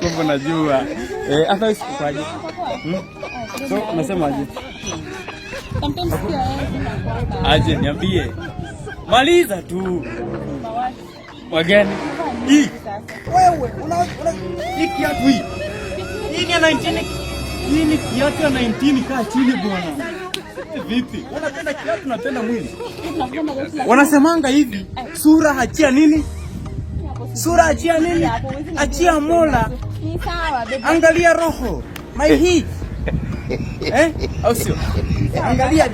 kumbe najua eh, hata wewe sikufaje. Hmm? So unasema aje? Aje niambie, maliza tu wageni hii ni kiatu ya 19 kaa chini bwana. Vipi? Unapenda kiatu, unapenda mwili. Wanasemanga hivi, sura hachia nini? sura, achia nini, achia Mola, angalia roho My heat. eh? au sio? Angalia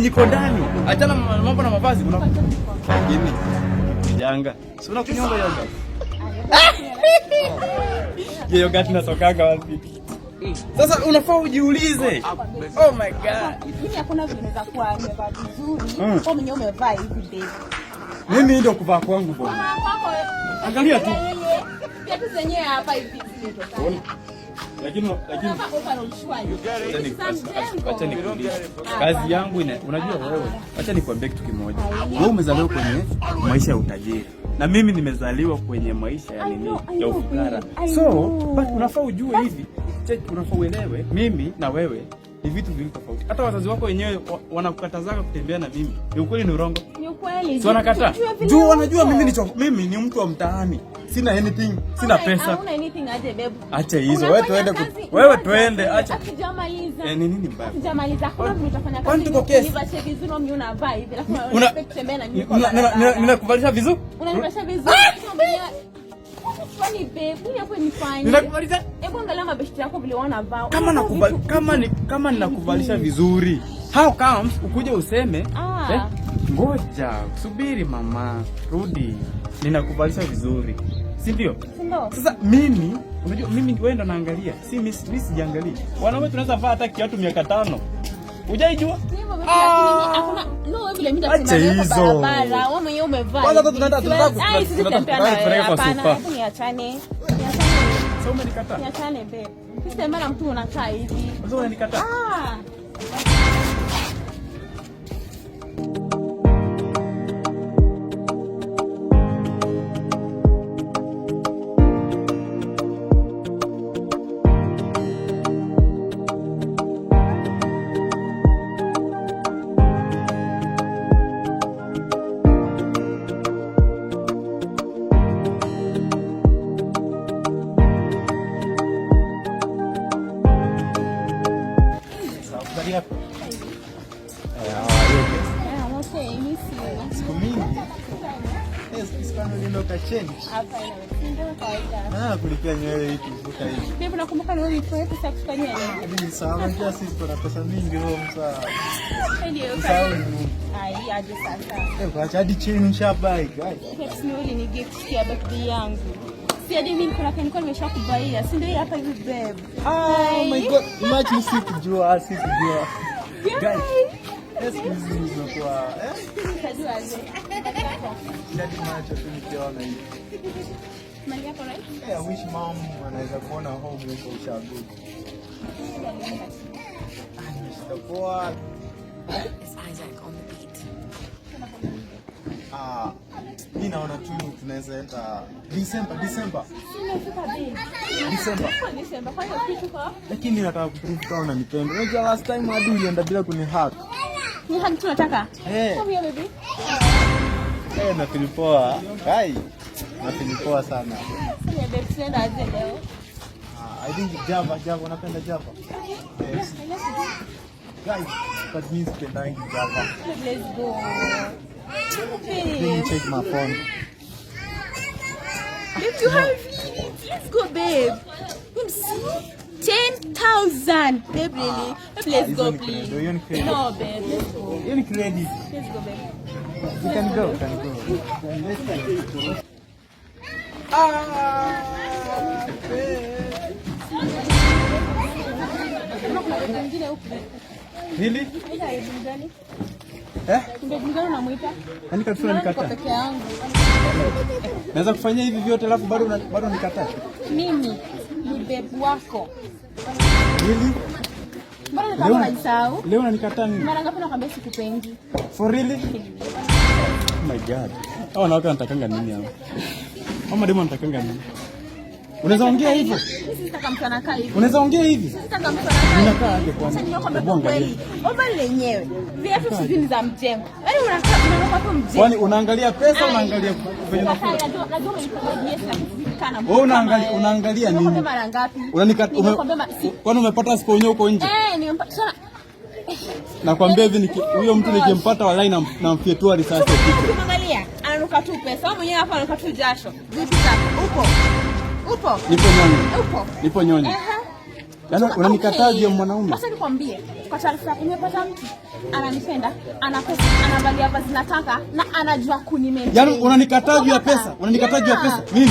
niko ndani, achana mambo na mavazi kuna janga Si yoga tuna tunasokanga wapi? Sasa unafaa ujiulize. Oh my God. Hivi Hakuna vile za kuwa umevaa vizuri, hmm. Kwa mwenyewe umevaa hivi baby. Mimi ndio kuvaa kwangu bwana. Angalia tu. Viatu zenyewe hapa hivi zimetoka. Ah. Kazi yangu ina unajua wewe. Acha nikwambie kitu kimoja. Ah, wewe umezaliwa kwenye maisha ya utajiri. Na mimi nimezaliwa kwenye maisha ya nini? Ya ufukara. So, but unafaa ujue hivi. Unafaa uelewe mimi na wewe ni vitu viwili tofauti. Hata wazazi wako wenyewe wanakukatazaga kutembea na mimi, ni ukweli ni urongo? Ni ukweli. Si wanakata juu wanajua mimi ni mimi ni mtu wa mtaani, sina anything, sina pesa. Huna anything aje bebu? Acha hizo wewe, tuende wewe, twende, Acha akijamaliza eh, ni nini mbaya? Akijamaliza hakuna mtu utafanya kazi. Kwani tuko kesi? Nivashe vizuri au mimi una vibe, lakini unatembea na mimi kwa Ninakuvalisha vizuri? Unanivalisha vizuri? Ah! Kwani babe, mimi hapo nifanye. Hebu angalia yako vile wanavaa. Kama nakubali kama ni kama ninakubalisha vizuri. How comes ukuje useme? Ah. Eh, ngoja, subiri mama. Rudi. Ninakubalisha vizuri. Si Ndio. Sasa mimi, unajua mimi wewe ndo naangalia. Si mimi, mimi sijaangalia. Wanaume tunaweza vaa hata kiatu miaka tano. Ujaijua? Acha hizo. Kwanza mtu unakaa hivi? kulipia nywele hiki kuvuka hivi. Nakumbuka leo ah, ni sawa, njia sisi tuna pesa mingi huo msaa. Acha hadi chini shabai. Si hadi mimi kuna kaniko nimeshakubaia. Si ndio hapa hivi babe. Ah, oh my god, imagine sikujua, sikujua. Guys, excuse me kwa. Eh? Jadi macho tu nikiona naona tu tunaweza enda December, December. December. Lakini nataka kuprove kama unanipenda. Unajua last time hadi ulienda bila kunihack. Ni hack tunataka. Eh. Come here baby. Hey, eh, na poa. Hai. Na poa sana. aje leo. Ah, I think Java, Java, unapenda Java? Yes. Guys, but means pendangi Java. Let's go. Let me check my phone. If you have it, let's go, babe. Oopsie. 10,000. Babe, really? Ah, let's go, please. No, babe. Let's go. Let's go, babe. You can go, can go. Ah! Eh? Yaani Naweza hivi vyote alafu bado bado Mimi ni babe wako. Hili? Leo Mara ngapi nakwambia sikupendi? For really? my god, hao wanawake wanatakanga nini hao? Hao mademu wanatakanga nini? Unaweza ongea hivyo? Unaweza ongea hivi? Yaani unakaa aje kwanza? Kwani unaangalia pesa, unaangalia venye wewe unaangalia unaangalia nini? Kwani umepata siku yenyewe uko sana. Nakwambia hivi huyo mtu nikimpata walai namfyetua risasi. Angalia, ananuka tu pesa. Wewe mwenyewe hapa unanuka tu jasho. Vipi sasa? Upo? Upo? Nipo nyonyo. Upo? Nipo nyonyo. Yaani unanikataje mwanaume? Sasa nikwambie, kwa taarifa yako nimepata mtu ananipenda, ana pesa, anavalia vazi nataka na anajua kunimea. Yaani unanikataje ya pesa? Unanikataje ya pesa? Mimi.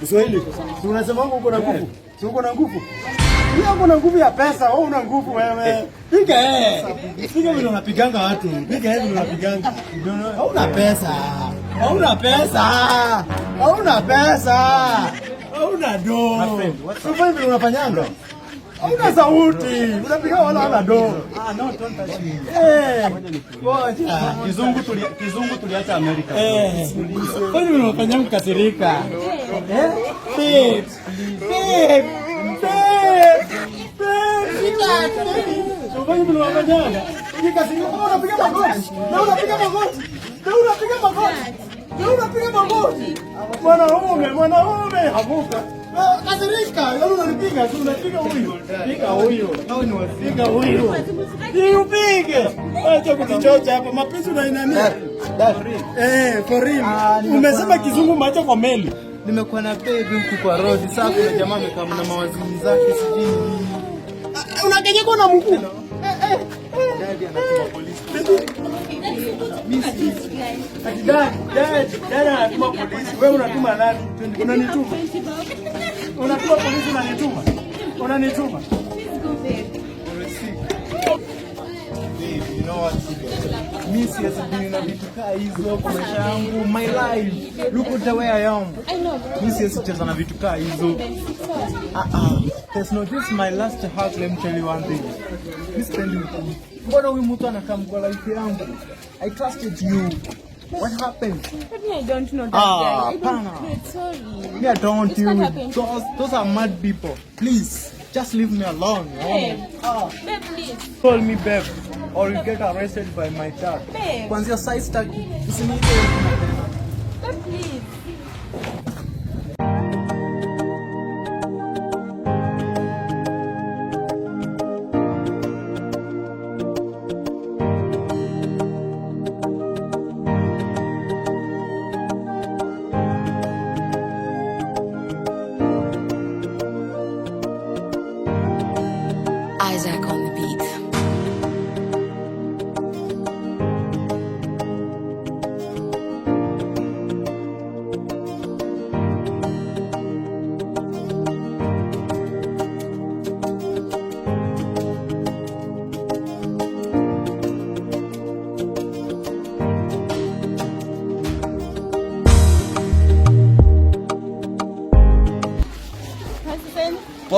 Kiswahili unasema uko na nguvu, si uko na nguvu? Uko na nguvu ya pesa, wewe una nguvu wewe. Piga eh. Piga vile unapiganga watu. Piga hivi unapiganga. Hauna pesa. Hauna pesa. Hauna pesa. Hauna do. Sasa vile unafanyanga. Hauna sauti. Unapiga wala wala do. Ah, no, don't touch me. Eh. Kizungu tuli kizungu tuliacha America. Eh. Kwa unafanya mkasirika? Eh? Babe. Babe. unapiga magoti. Na unapiga magoti. unapiga magoti. Mwanaume, mwanaume, havuka. Kasirika, wewe yaani unanipiga tu, unapiga huyu. Piga Au ni Ni upige. Acha hapa. Mapenzi Eh, ah, Umesema kizungu macho kwa meli. Nimekuwa na baby huku kwa Rose. Sasa kuna jamaa amekaa na mawazini zake sijui. Ah, na mkuu. Unajua polisi unanituma, unanituma. Mimi siwezi kuona vitu kama hizo kwa maisha yangu, my life. Look at the way I am. Mimi siwezi kucheza na vitu kama hizo. Ah ah. That's not just my last heart, let me tell you one thing. Mimi sipendi. Mbona huyu mtu anakaa kwa life yangu? I trusted you. What happened? But me, I don't know that ah, guy. I don't sorry. Me, I don't it's deal with those. Those are mad people. Please, just leave me alone. Babe, ah. babe please. Call me babe, or you get arrested by my dad. Babe. Once your size stuck.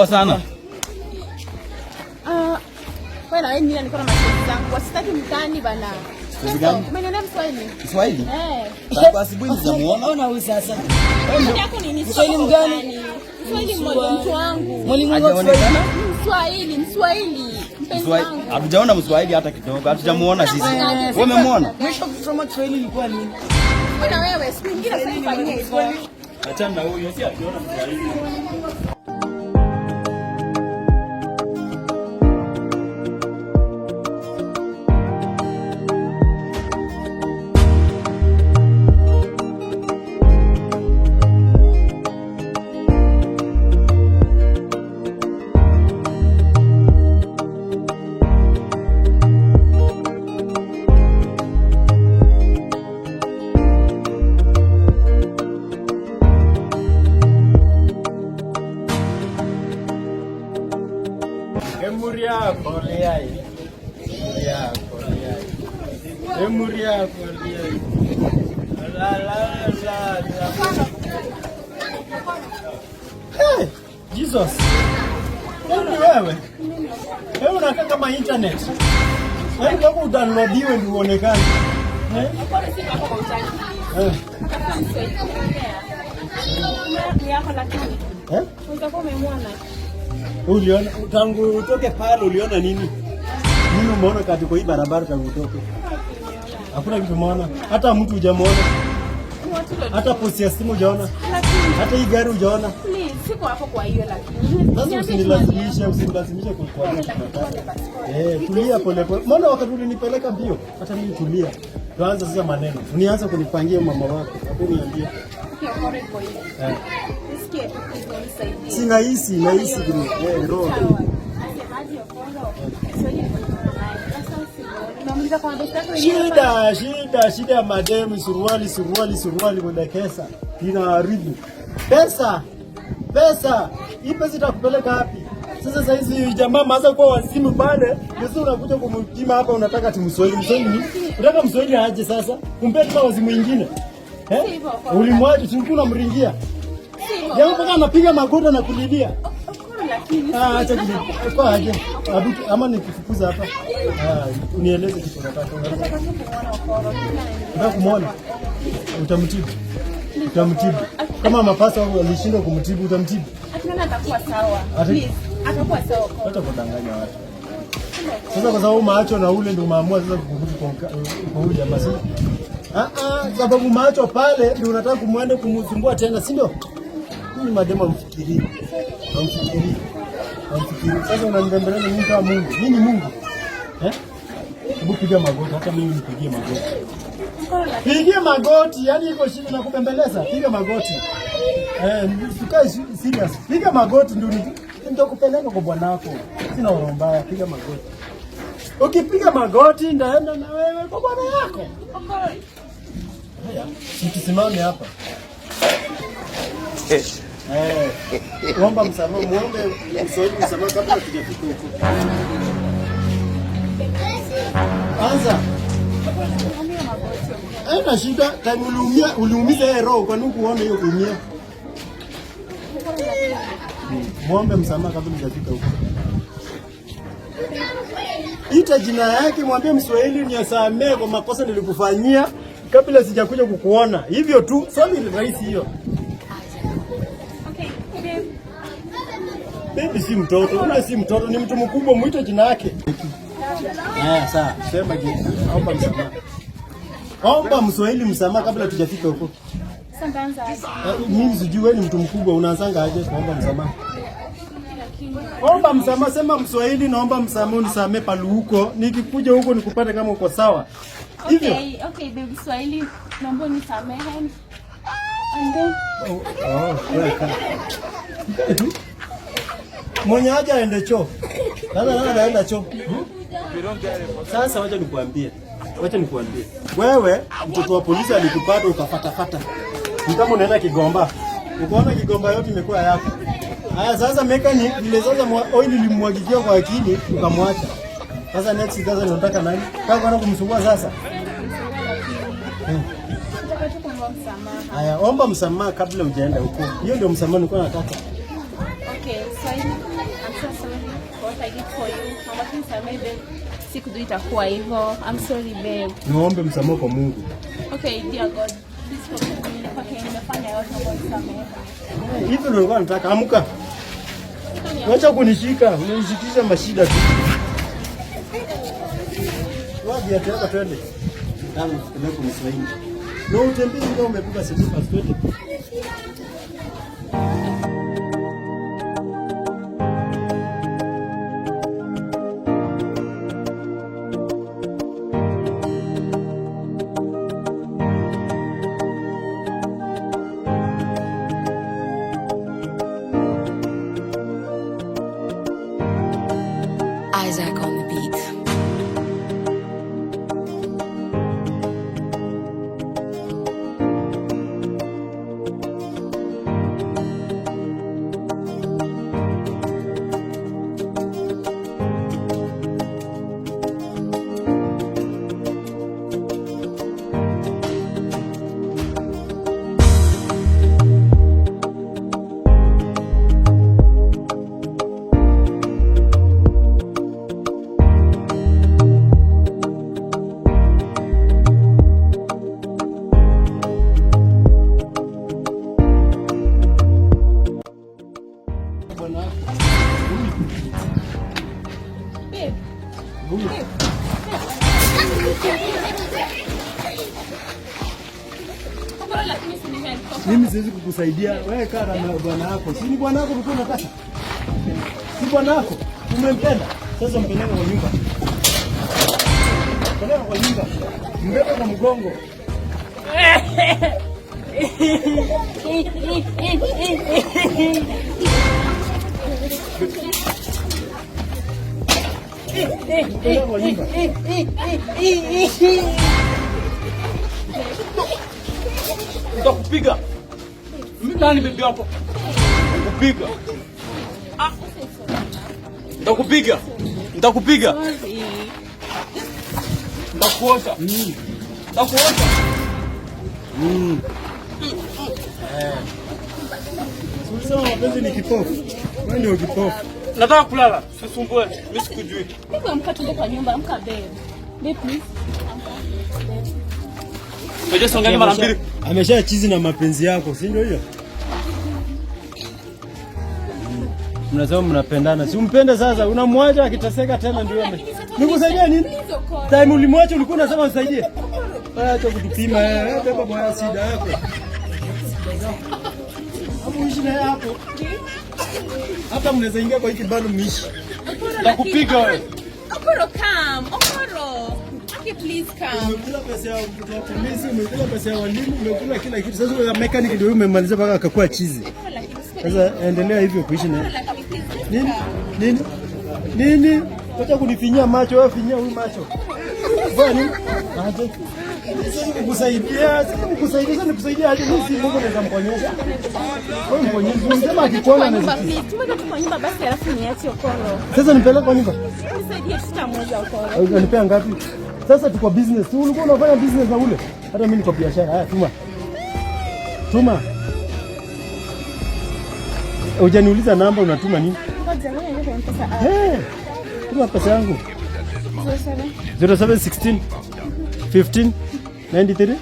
Poa sana. Ah, wewe eh. Hatujaona Mswahili hata kidogo. Hatujamuona sisi. Wewe wewe Achana na huyo, si akiona Mswahili. Koreai. Ya, Koreai. Emuria eh, Koreai. La la la la. Hey, Jesus. Hebu wewe. Wewe unakaa kama internet. Wewe kama udownloadiwe ndio uonekane. Eh? Eh. Ni yako lakini. Eh? Utakuwa umemwona. Uliona tangu utoke pale uliona nini? Nini umeona katika hii barabara tangu utoke? Hakuna kitu umeona. Hata mtu hujamuona. Hata posti ya simu hujaona. Hata hii gari hujaona. Please, siko hapo kwa hiyo lakini. Sasa usinilazimishe, usinilazimishe kwa kwa. Eh, tulia pole pole. Mbona wakati ulinipeleka mbio? Hata mimi tulia. Tuanze sasa maneno. Unianze kunipangia mama wako. Hapo niambie. Okay, si nahisi nahisi eh, shida shida shida ya mademu, suruali suruali suruali, mwendekesa inaharibu pesa pesa. Hii pesa itakupeleka wapi sasa? saizi hizi jamaa maanza kuwa wazimu pale, sasa unakuja kumtima hapa, unataka timswahili mswahili, unataka mswahili aje sasa kumpea tena wazimu ingine eh? Ulimwaje, tulikuwa unamringia yeye mpaka anapiga magoti na kulilia. Ah, acha eh, kwa aje. Abuki ama nikufukuza hapa. Ah, unieleze kitu unataka. Unataka kumuona? Utamtibu. Utamtibu. Kama mapasa wao walishindwa kumtibu utamtibu. Hapana, atakuwa sawa. Please, atakuwa sawa. Hata kudanganya watu. Sasa kwa sababu macho na ule ndio maamua sasa kwa kwa huyu jamaa sasa. Ah ah, sababu macho pale ndio unataka kumwende kumzumbua tena, si ndio? Mimi madema amfikirii. Amfikirii. Amfikirii. Sasa unanibembeleza mimi kama Mungu. Mimi ni Mungu. Eh? Hebu piga magoti hata mimi nipigie magoti. pigie magoti, yani iko shida na kubembeleza. Piga magoti. Eh, sikae serious. Piga magoti ndio kupeleka kwa bwana wako. Sina roho mbaya, piga magoti. Ukipiga magoti ndaenda na wewe kwa bwana yako. Haya, mkisimame hapa. Eh. Eh, muombe msamaha kabla hatujafika huko. Anza. Ana shida time uliumia, uliumiza yeye roho, kwani hukuona hiyo kuumia? Muombe msamaha kabla hatujafika huko. Ita jina yake, mwambie Mswahili, nisamehe kwa makosa nilikufanyia kabla sijakuja kukuona. Hivyo tu, swali rahisi hiyo. Baby si mtoto, ule si mtoto, ni mtu mkubwa, mwite jina yake. Haya, sawa. Sema jina. Omba msamaha. Omba Mswahili msamaha kabla tujafika huko. Eh, mimi sijui wewe ni mtu mkubwa unaanzanga aje kuomba msamaha? Omba msamaha, sema Mswahili naomba msamaha unisamee pale huko. Nikikuja huko nikupate kama uko sawa. Hivyo. Okay, okay baby Swahili naomba unisamehe. And then... Oh, oh, oh. Mwenye haja aende choo. Sasa lala anaenda choo. Sasa wacha nikuambie. Wacha nikuambie. Wewe mtoto wa polisi alikupata ukafatafata. Ni kama unaenda Kigomba. Ukaona Kigomba yote imekuwa yako. Haya sasa meka ni ile sasa oil ilimwagikia kwa akili ukamwacha. Sasa next sasa unataka nani? Kaka ana kumsumbua sasa. Haya, omba msamaha kabla hujaenda huko. Hiyo ndio msamaha nilikuwa nataka. Okay, sahihi. I did itakuwa hivyo. I'm sorry babe. Niombe msamaha kwa Mungu. Okay, dear God. Hivyo ndio nataka amka. Wacha kunishika, unanishikisha mashida tu. Wapi ataka twende? Kama tunaku Mswahili. Na utembee kama umepiga simu twende. mimi siwezi kukusaidia wewe, kaa na bwana wako, Si ni bwana yako ulikuwa unataka? Si bwana wako umempenda, sasa mpeleke kwa nyumba, mpeleke kwa nyumba, mbeba kwa mgongo. Mpeleke nani bibi yako? Ah. Nitakupiga. Mm. Eh. Sasa mapenzi ni kipofu. Wewe ndio kipofu. Nataka kulala. Mimi sikujui. amka kwa nyumba, amka please. Amesha chizi na mapenzi yako, si ndio hiyo? mnasema mnapendana, si umpende sasa, unamwacha akiteseka tena. Ndio nikusaidia nini? Time ulimwacha ulikuwa unasema msaidie. Acha kutupima wewe, beba moyo sida yako hapo, ishi na hapo hata mnaweza ingia kwa hiki bado mwishi, takupiga wewe. Okoro come, Okoro aki please come. Umekula pesa ya polisi, umekula pesa ya walimu, umekula kila kitu. Sasa mechanic ndio umemaliza mpaka akakuwa chizi. Sasa endelea hivyo kuishi naye. Nini? Nini? Nini? Acha kunifinyia macho, wewe finyia huyu macho. Bwana, Aje. Sisi kukusaidia, sisi kukusaidia, sisi kukusaidia aje mimi si Mungu naweza mkonyesha. Wewe mkonyesha, unasema akikuona na sisi. Tumeka kwa nyumba basi alafu niache ukolo. Sasa nipeleke kwa nyumba. Nisaidie sita moja ukolo. Unanipea ngapi? Sasa tuko business. Tu Ulikuwa unafanya business na ule. Hata mimi niko biashara. Haya tuma. Tuma. Hujaniuliza namba unatuma nini? Hey, pesa yangu 0716 15 93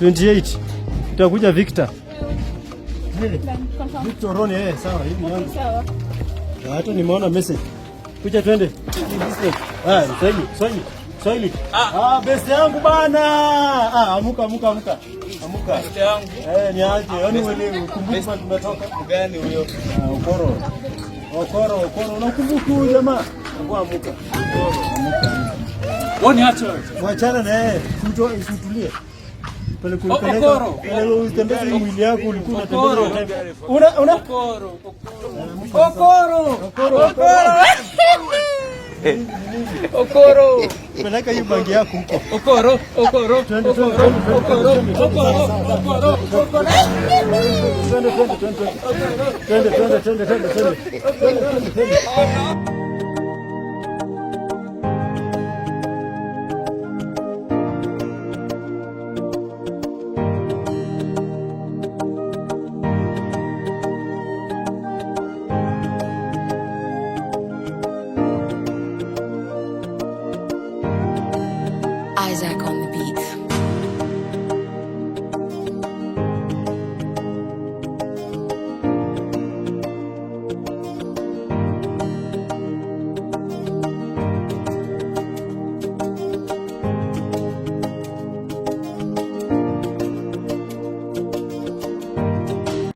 28 tutakuja Victor Victor Roni. Eh, sawa hivi yangu. Hata nimeona message. Kuja twende. Ah, Swahili, Swahili, Swahili. Ah, ah besi yangu bana. Ah, amuka, amuka, amuka. Amuka. Besi yangu. Eh, niaje? Yaani wewe ukumbuka tumetoka. Gani huyo? Ah, ukoro. Okoro, Okoro, unakumbuka huyu jamaa? Amuka. Woni acha Mwachana na yeye. Mtu usitulie. Pale kulipeleka. Ile ulitembeza mwili yako ulikuwa unatembea. Una una Okoro. Okoro. Okoro. Eh, Okoro. Peleka hiyo bangi yako huko. Okoro, okoro, okoro, okoro, okoro, okoro, okoro. Twende, twende, twende. Twende, twende, twende, twende.